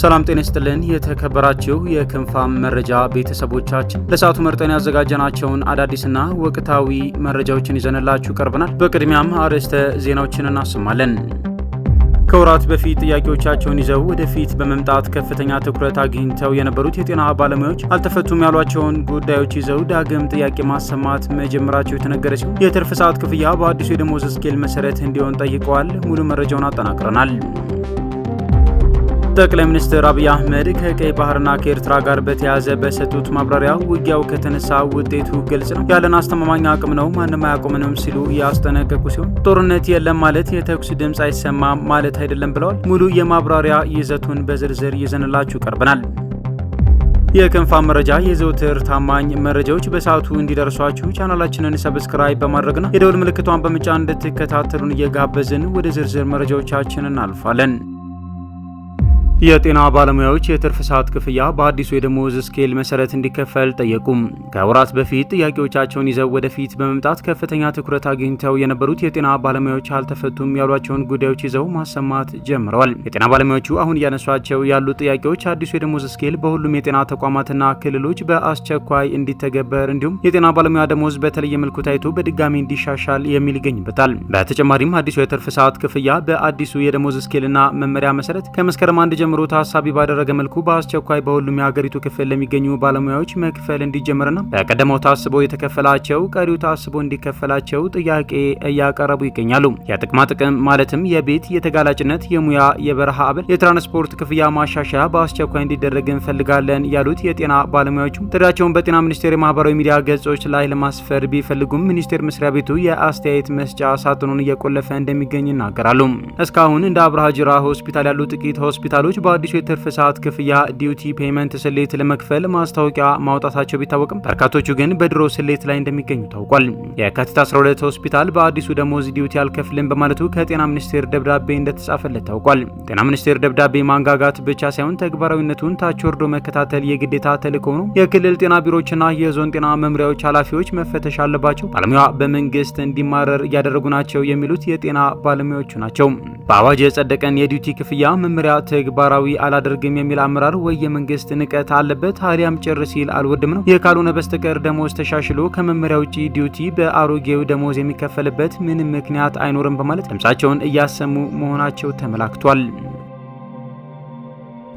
ሰላም ጤና ይስጥልን። የተከበራችሁ የክንፋም መረጃ ቤተሰቦቻችን ለሰዓቱ መርጠን ያዘጋጀናቸውን አዳዲስና ወቅታዊ መረጃዎችን ይዘንላችሁ ቀርበናል። በቅድሚያም አርዕስተ ዜናዎችን እናሰማለን። ከወራት በፊት ጥያቄዎቻቸውን ይዘው ወደፊት በመምጣት ከፍተኛ ትኩረት አግኝተው የነበሩት የጤና ባለሙያዎች አልተፈቱም ያሏቸውን ጉዳዮች ይዘው ዳግም ጥያቄ ማሰማት መጀመራቸው የተነገረ ሲሆን የትርፍ ሰዓት ክፍያ በአዲሱ የደሞዝ ስኬል መሰረት እንዲሆን ጠይቀዋል። ሙሉ መረጃውን አጠናቅረናል። ጠቅላይ ሚኒስትር አብይ አህመድ ከቀይ ባህርና ከኤርትራ ጋር በተያያዘ በሰጡት ማብራሪያ ውጊያው ከተነሳ ውጤቱ ግልጽ ነው፣ ያለን አስተማማኝ አቅም ነው፣ ማንም አያቆምንም ሲሉ ያስጠነቀቁ ሲሆን ጦርነት የለም ማለት የተኩስ ድምፅ አይሰማም ማለት አይደለም ብለዋል። ሙሉ የማብራሪያ ይዘቱን በዝርዝር ይዘንላችሁ ቀርበናል። የክንፋም መረጃ የዘውትር ታማኝ መረጃዎች በሰዓቱ እንዲደርሷችሁ ቻናላችንን ሰብስክራይብ በማድረግና የደውል ምልክቷን በምጫ እንድትከታተሉን እየጋበዝን ወደ ዝርዝር መረጃዎቻችን እናልፋለን። የጤና ባለሙያዎች የትርፍ ሰዓት ክፍያ በአዲሱ የደሞዝ ስኬል መሰረት እንዲከፈል ጠየቁም። ከወራት በፊት ጥያቄዎቻቸውን ይዘው ወደፊት በመምጣት ከፍተኛ ትኩረት አግኝተው የነበሩት የጤና ባለሙያዎች አልተፈቱም ያሏቸውን ጉዳዮች ይዘው ማሰማት ጀምረዋል። የጤና ባለሙያዎቹ አሁን እያነሷቸው ያሉ ጥያቄዎች አዲሱ የደሞዝ ስኬል በሁሉም የጤና ተቋማትና ክልሎች በአስቸኳይ እንዲተገበር እንዲሁም የጤና ባለሙያ ደሞዝ በተለየ መልኩ ታይቶ በድጋሚ እንዲሻሻል የሚል ይገኝበታል። በተጨማሪም አዲሱ የትርፍ ሰዓት ክፍያ በአዲሱ የደሞዝ ስኬልና መመሪያ መሰረት ከመስከረም አንድ ጀምሮ ታሳቢ ባደረገ መልኩ በአስቸኳይ በሁሉም የሀገሪቱ ክፍል ለሚገኙ ባለሙያዎች መክፈል እንዲጀምርና በቀደመው ታስቦ የተከፈላቸው ቀሪው ታስቦ እንዲከፈላቸው ጥያቄ እያቀረቡ ይገኛሉ። የጥቅማ ጥቅም ማለትም የቤት፣ የተጋላጭነት፣ የሙያ፣ የበረሃ አበል፣ የትራንስፖርት ክፍያ ማሻሻያ በአስቸኳይ እንዲደረግ እንፈልጋለን ያሉት የጤና ባለሙያዎቹ ጥሪያቸውን በጤና ሚኒስቴር የማህበራዊ ሚዲያ ገጾች ላይ ለማስፈር ቢፈልጉም ሚኒስቴር መስሪያ ቤቱ የአስተያየት መስጫ ሳጥኑን እየቆለፈ እንደሚገኝ ይናገራሉ። እስካሁን እንደ አብርሃ ጅራ ሆስፒታል ያሉ ጥቂት ሆስፒታሎች በአዲሱ የትርፍ ሰዓት ክፍያ ዲዩቲ ፔመንት ስሌት ለመክፈል ማስታወቂያ ማውጣታቸው ቢታወቅም በርካቶቹ ግን በድሮ ስሌት ላይ እንደሚገኙ ታውቋል። የካቲት 12 ሆስፒታል በአዲሱ ደሞዝ ዲዩቲ አልከፍልም በማለቱ ከጤና ሚኒስቴር ደብዳቤ እንደተጻፈለት ታውቋል። ጤና ሚኒስቴር ደብዳቤ ማንጋጋት ብቻ ሳይሆን ተግባራዊነቱን ታች ወርዶ መከታተል የግዴታ ተልዕኮ ነው። የክልል ጤና ቢሮዎችና የዞን ጤና መምሪያዎች ኃላፊዎች መፈተሽ አለባቸው። ባለሙያ በመንግስት እንዲማረር እያደረጉ ናቸው የሚሉት የጤና ባለሙያዎቹ ናቸው። በአዋጅ የጸደቀን የዲዩቲ ክፍያ መመሪያ ተግባር ተግባራዊ አላደርግም የሚል አመራር ወይ የመንግስት ንቀት አለበት አሊያም ጭር ሲል አልወድም ነው። ይህ ካልሆነ በስተቀር ደሞዝ ተሻሽሎ ከመመሪያ ውጪ ዲዩቲ በአሮጌው ደሞዝ የሚከፈልበት ምንም ምክንያት አይኖርም በማለት ድምጻቸውን እያሰሙ መሆናቸው ተመላክቷል።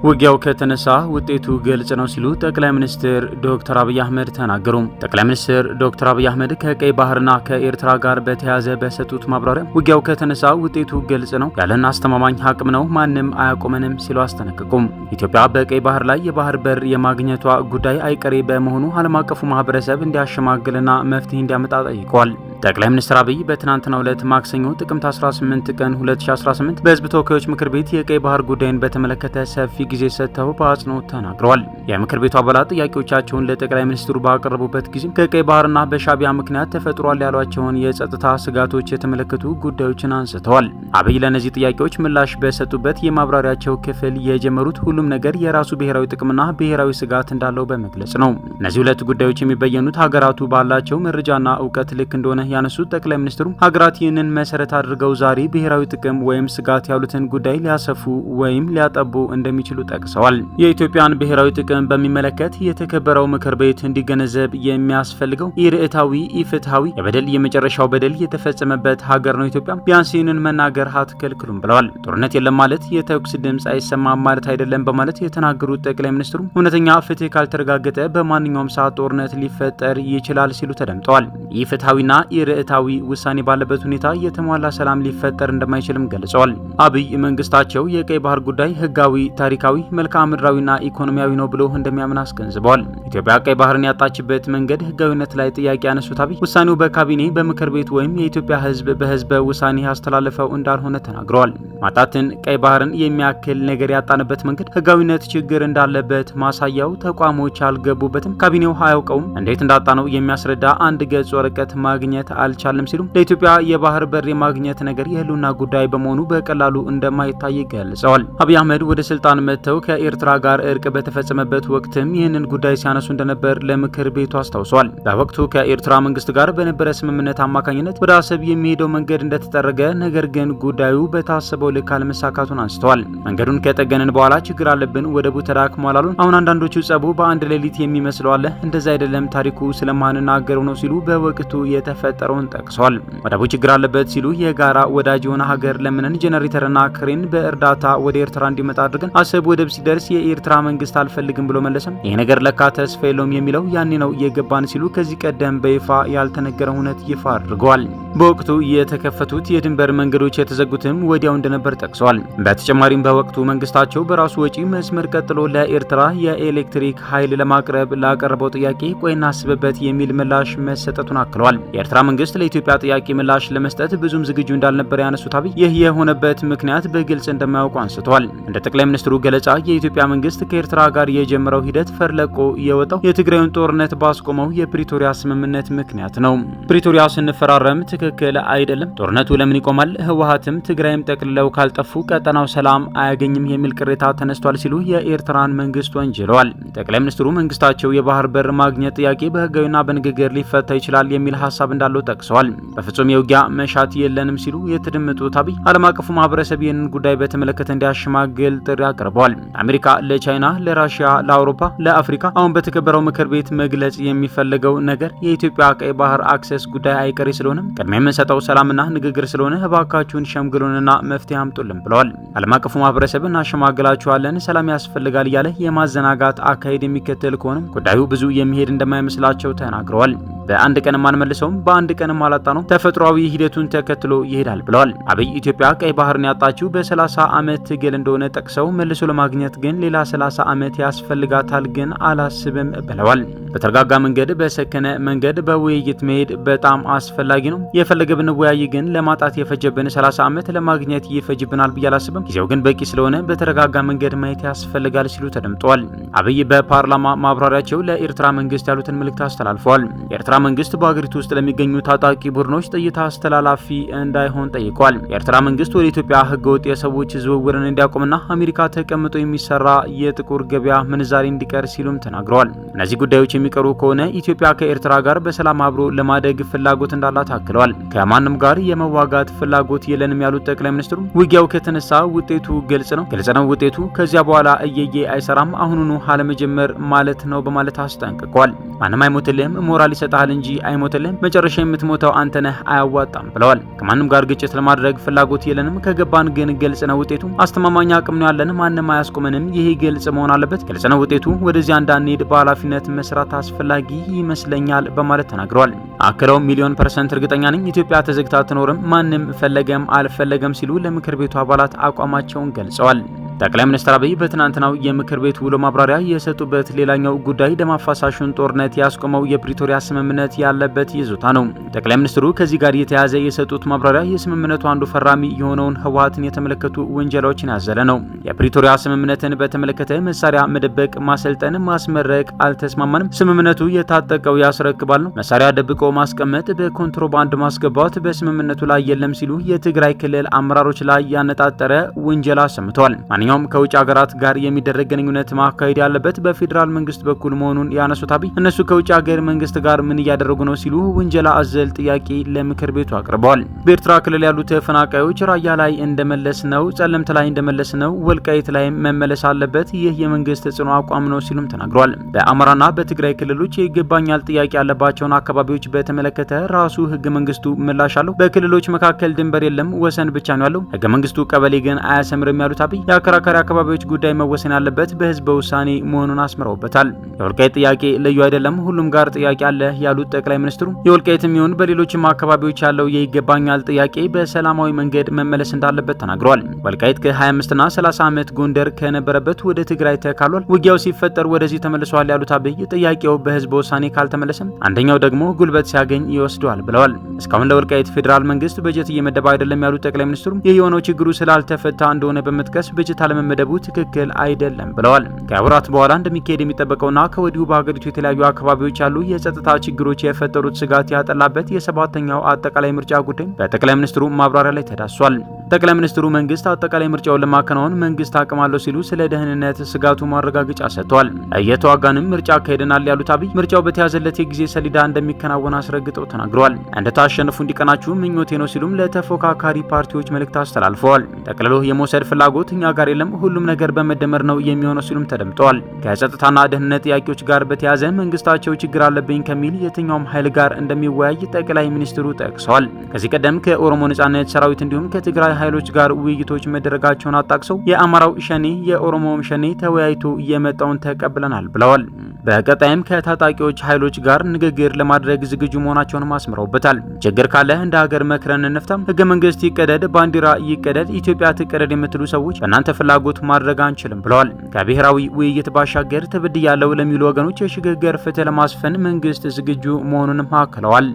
ውጊያው ከተነሳ ውጤቱ ግልጽ ነው ሲሉ ጠቅላይ ሚኒስትር ዶክተር አብይ አህመድ ተናገሩ። ጠቅላይ ሚኒስትር ዶክተር አብይ አህመድ ከቀይ ባህርና ከኤርትራ ጋር በተያያዘ በሰጡት ማብራሪያ ውጊያው ከተነሳ ውጤቱ ግልጽ ነው፣ ያለን አስተማማኝ አቅም ነው፣ ማንም አያቆመንም ሲሉ አስጠነቀቁም። ኢትዮጵያ በቀይ ባህር ላይ የባህር በር የማግኘቷ ጉዳይ አይቀሬ በመሆኑ ዓለም አቀፉ ማህበረሰብ እንዲያሸማግልና መፍትሄ እንዲያመጣ ጠይቋል። ጠቅላይ ሚኒስትር አብይ በትናንትናው ዕለት ማክሰኞ ጥቅምት 18 ቀን 2018 በህዝብ ተወካዮች ምክር ቤት የቀይ ባህር ጉዳይን በተመለከተ ሰፊ ጊዜ ሰጥተው በአጽንኦት ተናግረዋል። የምክር ቤቱ አባላት ጥያቄዎቻቸውን ለጠቅላይ ሚኒስትሩ ባቀረቡበት ጊዜ ከቀይ ባህርና በሻቢያ ምክንያት ተፈጥሯል ያሏቸውን የጸጥታ ስጋቶች የተመለከቱ ጉዳዮችን አንስተዋል። አብይ ለእነዚህ ጥያቄዎች ምላሽ በሰጡበት የማብራሪያቸው ክፍል የጀመሩት ሁሉም ነገር የራሱ ብሔራዊ ጥቅምና ብሔራዊ ስጋት እንዳለው በመግለጽ ነው። እነዚህ ሁለት ጉዳዮች የሚበየኑት ሀገራቱ ባላቸው መረጃና እውቀት ልክ እንደሆነ ያነሱት ጠቅላይ ሚኒስትሩ ሀገራት ይህንን መሰረት አድርገው ዛሬ ብሔራዊ ጥቅም ወይም ስጋት ያሉትን ጉዳይ ሊያሰፉ ወይም ሊያጠቡ እንደሚችሉ ጠቅሰዋል። የኢትዮጵያን ብሔራዊ ጥቅም በሚመለከት የተከበረው ምክር ቤት እንዲገነዘብ የሚያስፈልገው ኢርእታዊ፣ ኢፍትሐዊ የበደል የመጨረሻው በደል የተፈጸመበት ሀገር ነው ኢትዮጵያ። ቢያንስ ይህንን መናገር አትከልክሉም ብለዋል። ጦርነት የለም ማለት የተኩስ ድምፅ አይሰማም ማለት አይደለም በማለት የተናገሩት ጠቅላይ ሚኒስትሩ እውነተኛ ፍትህ ካልተረጋገጠ በማንኛውም ሰዓት ጦርነት ሊፈጠር ይችላል ሲሉ ተደምጠዋል። ኢፍትሐዊና ርዕታዊ ውሳኔ ባለበት ሁኔታ የተሟላ ሰላም ሊፈጠር እንደማይችልም ገልጸዋል። አብይ መንግስታቸው የቀይ ባህር ጉዳይ ህጋዊ፣ ታሪካዊ፣ መልክዓ ምድራዊና ኢኮኖሚያዊ ነው ብሎ እንደሚያምን አስገንዝበዋል። ኢትዮጵያ ቀይ ባህርን ያጣችበት መንገድ ህጋዊነት ላይ ጥያቄ ያነሱት አብይ ውሳኔው በካቢኔ በምክር ቤት ወይም የኢትዮጵያ ህዝብ በህዝበ ውሳኔ ያስተላለፈው እንዳልሆነ ተናግረዋል። ማጣትን ቀይ ባህርን የሚያክል ነገር ያጣንበት መንገድ ህጋዊነት ችግር እንዳለበት ማሳያው ተቋሞች አልገቡበትም፣ ካቢኔው አያውቀውም፣ እንዴት እንዳጣ ነው የሚያስረዳ አንድ ገጽ ወረቀት ማግኘት አልቻለም ሲሉም ለኢትዮጵያ የባህር በር የማግኘት ነገር የህልውና ጉዳይ በመሆኑ በቀላሉ እንደማይታይ ገልጸዋል። አብይ አህመድ ወደ ስልጣን መጥተው ከኤርትራ ጋር እርቅ በተፈጸመበት ወቅትም ይህንን ጉዳይ ሲያነሱ እንደነበር ለምክር ቤቱ አስታውሰዋል። በወቅቱ ከኤርትራ መንግስት ጋር በነበረ ስምምነት አማካኝነት ወደ አሰብ የሚሄደው መንገድ እንደተጠረገ፣ ነገር ግን ጉዳዩ በታሰበው ልክ አለመሳካቱን አንስተዋል። መንገዱን ከጠገንን በኋላ ችግር አለብን፣ ወደቡ ተዳክሟላሉን አሁን አንዳንዶቹ ጸቡ በአንድ ሌሊት የሚመስለው አለ እንደዛ አይደለም ታሪኩ ስለማንናገረው ነው ሲሉ በወቅቱ የተፈ መፈጠሩን ጠቅሷል። ወደቡ ችግር አለበት ሲሉ የጋራ ወዳጅ የሆነ ሀገር ለምንን ጄኔሬተርና ክሬን በእርዳታ ወደ ኤርትራ እንዲመጣ አድርገን አሰብ ወደብ ሲደርስ የኤርትራ መንግስት አልፈልግም ብሎ መለሰም። ይህ ነገር ለካ ተስፋ የለውም የሚለው ያኔ ነው የገባን ሲሉ ከዚህ ቀደም በይፋ ያልተነገረ እውነት ይፋ አድርገዋል። በወቅቱ የተከፈቱት የድንበር መንገዶች የተዘጉትም ወዲያው እንደነበር ጠቅሰዋል። በተጨማሪም በወቅቱ መንግስታቸው በራሱ ወጪ መስመር ቀጥሎ ለኤርትራ የኤሌክትሪክ ኃይል ለማቅረብ ላቀረበው ጥያቄ ቆይና አስብበት የሚል ምላሽ መሰጠቱን አክለዋል። የኤርትራ መንግስት ለኢትዮጵያ ጥያቄ ምላሽ ለመስጠት ብዙም ዝግጁ እንዳልነበር ያነሱት አብይ ይህ የሆነበት ምክንያት በግልጽ እንደማያውቁ አንስተዋል። እንደ ጠቅላይ ሚኒስትሩ ገለጻ የኢትዮጵያ መንግስት ከኤርትራ ጋር የጀመረው ሂደት ፈርለቆ የወጣው የትግራዩን ጦርነት ባስቆመው የፕሪቶሪያ ስምምነት ምክንያት ነው። ፕሪቶሪያ ስንፈራረም ትክክል አይደለም። ጦርነቱ ለምን ይቆማል? ህወሀትም ትግራይም ጠቅልለው ካልጠፉ ቀጠናው ሰላም አያገኝም የሚል ቅሬታ ተነስቷል ሲሉ የኤርትራን መንግስት ወንጅለዋል። ጠቅላይ ሚኒስትሩ መንግስታቸው የባህር በር ማግኘት ጥያቄ በህጋዊና በንግግር ሊፈታ ይችላል የሚል ሀሳብ እንዳለው ጠቅሰዋል። በፍጹም የውጊያ መሻት የለንም ሲሉ የተደመጡት አብይ ዓለም አቀፉ ማህበረሰብ ይህንን ጉዳይ በተመለከተ እንዲያሸማግል ጥሪ አቅርበዋል። አሜሪካ ለቻይና፣ ለራሽያ፣ ለአውሮፓ፣ ለአፍሪካ አሁን በተከበረው ምክር ቤት መግለጽ የሚፈለገው ነገር የኢትዮጵያ ቀይ ባህር አክሰስ ጉዳይ አይቀሬ ስለሆነም ቅድመ ቅድሚያ የምንሰጠው ሰላምና ንግግር ስለሆነ እባካችሁን ሸምግሉንና መፍትሄ አምጡልን ብለዋል። ዓለም አቀፉ ማህበረሰብ እናሸማግላችኋለን፣ ሰላም ያስፈልጋል እያለ የማዘናጋት አካሄድ የሚከተል ከሆነም ጉዳዩ ብዙ የሚሄድ እንደማይመስላቸው ተናግረዋል። በአንድ ቀን ማንመልሰውም በአንድ ቀን አላጣ ነው፣ ተፈጥሯዊ ሂደቱን ተከትሎ ይሄዳል ብለዋል። አብይ ኢትዮጵያ ቀይ ባህርን ያጣችው በ30 ዓመት ትግል እንደሆነ ጠቅሰው መልሶ ለማግኘት ግን ሌላ 30 ዓመት ያስፈልጋታል ግን አላስብም ብለዋል። በተረጋጋ መንገድ፣ በሰከነ መንገድ በውይይት መሄድ በጣም አስፈላጊ ነው። እየፈለገ ብንወያይ ግን ለማጣት የፈጀብን 30 ዓመት ለማግኘት ይፈጅብናል ብዬ አላስብም። ጊዜው ግን በቂ ስለሆነ በተረጋጋ መንገድ ማየት ያስፈልጋል ሲሉ ተደምጠዋል። አብይ በፓርላማ ማብራሪያቸው ለኤርትራ መንግስት ያሉትን መልእክት አስተላልፈዋል። የኤርትራ መንግስት በሀገሪቱ ውስጥ ለሚገኙ ታጣቂ ቡድኖች ጥይት አስተላላፊ እንዳይሆን ጠይቋል። የኤርትራ መንግስት ወደ ኢትዮጵያ ህገወጥ የሰዎች ዝውውርን እንዲያቆምና አሜሪካ ተቀምጦ የሚሰራ የጥቁር ገበያ ምንዛሬ እንዲቀር ሲሉም ተናግረዋል። እነዚህ ጉዳዮች የሚቀሩ ከሆነ ኢትዮጵያ ከኤርትራ ጋር በሰላም አብሮ ለማደግ ፍላጎት እንዳላት አክለዋል። ተናግረዋል። ከማንም ጋር የመዋጋት ፍላጎት የለንም ያሉት ጠቅላይ ሚኒስትሩ ውጊያው ከተነሳ ውጤቱ ግልጽ ነው ግልጽ ነው ውጤቱ። ከዚያ በኋላ እየየ አይሰራም፣ አሁኑኑ አለመጀመር ማለት ነው በማለት አስጠንቅቋል። ማንም አይሞትልህም፣ ሞራል ይሰጣል እንጂ አይሞትልህም። መጨረሻ የምትሞተው አንተነህ አያዋጣም ብለዋል። ከማንም ጋር ግጭት ለማድረግ ፍላጎት የለንም፣ ከገባን ግን ግልጽ ነው ውጤቱ። አስተማማኝ አቅም ነው ያለን፣ ማንም አያስቆመንም። ይሄ ግልጽ መሆን አለበት፣ ግልጽ ነው ውጤቱ። ወደዚያ እንዳንሄድ በኃላፊነት መስራት አስፈላጊ ይመስለኛል በማለት ተናግረዋል። አክለው ሚሊዮን ፐርሰንት እርግጠኛ ነኝ ኢትዮጵያ ተዘግታ አትኖርም፣ ማንም ፈለገም አልፈለገም ሲሉ ለምክር ቤቱ አባላት አቋማቸውን ገልጸዋል። ጠቅላይ ሚኒስትር አብይ በትናንትናው የምክር ቤት ውሎ ማብራሪያ የሰጡበት ሌላኛው ጉዳይ ደም አፋሳሹን ጦርነት ያስቆመው የፕሪቶሪያ ስምምነት ያለበት ይዞታ ነው። ጠቅላይ ሚኒስትሩ ከዚህ ጋር የተያያዘ የሰጡት ማብራሪያ የስምምነቱ አንዱ ፈራሚ የሆነውን ህወሀትን የተመለከቱ ውንጀላዎችን ያዘለ ነው። የፕሪቶሪያ ስምምነትን በተመለከተ መሳሪያ መደበቅ፣ ማሰልጠን፣ ማስመረቅ አልተስማማንም። ስምምነቱ የታጠቀው ያስረክባል ነው። መሳሪያ ደብቆ ማስቀመጥ በኮንትሮባንድ ማስገባት በስምምነቱ ላይ የለም ሲሉ የትግራይ ክልል አመራሮች ላይ ያነጣጠረ ውንጀላ ሰምተዋል። ማንኛውም ከውጭ ሀገራት ጋር የሚደረግ ግንኙነት ማካሄድ ያለበት በፌዴራል መንግስት በኩል መሆኑን ያነሱት አብይ እነሱ ከውጭ ሀገር መንግስት ጋር ምን እያደረጉ ነው ሲሉ ውንጀላ አዘል ጥያቄ ለምክር ቤቱ አቅርበዋል። በኤርትራ ክልል ያሉ ተፈናቃዮች ራያ ላይ እንደመለስ ነው፣ ጸለምት ላይ እንደመለስ ነው፣ ወልቃይት ላይ መመለስ አለበት። ይህ የመንግስት ጽኑ አቋም ነው ሲሉም ተናግረዋል። በአማራና በትግራይ ክልሎች የይገባኛል ጥያቄ ያለባቸውን አካባቢዎች በተመለከተ ራሱ ህገ መንግስት መንግስቱ ምላሽ አለው። በክልሎች መካከል ድንበር የለም፣ ወሰን ብቻ ነው ያለው። ህገ መንግስቱ ቀበሌ ግን አያሰምርም ያሉት አብይ የአከራካሪ አካባቢዎች ጉዳይ መወሰን ያለበት በህዝበ ውሳኔ መሆኑን አስምረውበታል። የወልቃይት ጥያቄ ልዩ አይደለም፣ ሁሉም ጋር ጥያቄ አለ ያሉት ጠቅላይ ሚኒስትሩ የወልቃይትም ይሁን በሌሎችም አካባቢዎች ያለው የይገባኛል ጥያቄ በሰላማዊ መንገድ መመለስ እንዳለበት ተናግረዋል። ወልቃይት ከ25ና 30 ዓመት ጎንደር ከነበረበት ወደ ትግራይ ተካሏል። ውጊያው ሲፈጠር ወደዚህ ተመልሰዋል ያሉት አብይ ጥያቄው በህዝበ ውሳኔ ካልተመለሰም አንደኛው ደግሞ ጉልበት ሲያገኝ ይወስደዋል ብለዋል። እስካሁን ለወልቃይት ፌዴራል መንግስት በጀት እየመደበ አይደለም ያሉት ጠቅላይ ሚኒስትሩ ይህ የሆነው ችግሩ ስላልተፈታ እንደሆነ በመጥቀስ በጀት አለመመደቡ ትክክል አይደለም ብለዋል። ከወራት በኋላ እንደሚካሄድ የሚጠበቀውና ከወዲሁ በሀገሪቱ የተለያዩ አካባቢዎች ያሉ የጸጥታ ችግሮች የፈጠሩት ስጋት ያጠላበት የሰባተኛው አጠቃላይ ምርጫ ጉዳይ በጠቅላይ ሚኒስትሩ ማብራሪያ ላይ ተዳሷል። ጠቅላይ ሚኒስትሩ መንግስት አጠቃላይ ምርጫውን ለማከናወን መንግስት አቅም አለው ሲሉ ስለ ደህንነት ስጋቱ ማረጋገጫ ሰጥተዋል። እየተዋጋንም ምርጫ አካሄደናል ያሉት አብይ ምርጫው በተያዘለት የጊዜ ሰሌዳ እንደሚከናወን አስረግጠው ተናግረዋል። እንደ እንድታሸንፉ እንዲቀናችሁ ምኞቴ ነው ሲሉም ለተፎካካሪ ፓርቲዎች መልእክት አስተላልፈዋል። ጠቅልሎ የመውሰድ ፍላጎት እኛ ጋር የለም፣ ሁሉም ነገር በመደመር ነው የሚሆነው ሲሉም ተደምጠዋል። ከጸጥታና ደህንነት ጥያቄዎች ጋር በተያያዘ መንግስታቸው ችግር አለብኝ ከሚል የትኛውም ኃይል ጋር እንደሚወያይ ጠቅላይ ሚኒስትሩ ጠቅሰዋል። ከዚህ ቀደም ከኦሮሞ ነጻነት ሰራዊት እንዲሁም ከትግራይ ኃይሎች ጋር ውይይቶች መደረጋቸውን አጣቅሰው የአማራው ሸኔ የኦሮሞውም ሸኔ ተወያይቶ እየመጣውን ተቀብለናል ብለዋል። በቀጣይም ከታጣቂዎች ኃይሎች ጋር ንግግር ለማድረግ ዝግጁ መሆናቸውንም አስምረውበታል። ችግር ካለ እንደ ሀገር መክረን እንፍታም። ህገ መንግስት ይቀደድ፣ ባንዲራ ይቀደድ፣ ኢትዮጵያ ትቀደድ የምትሉ ሰዎች በእናንተ ፍላጎት ማድረግ አንችልም ብለዋል። ከብሔራዊ ውይይት ባሻገር ያለው ለሚሉ ወገኖች የሽግግር ፍትህ ለማስፈን መንግስት ዝግጁ መሆኑንም አክለዋል።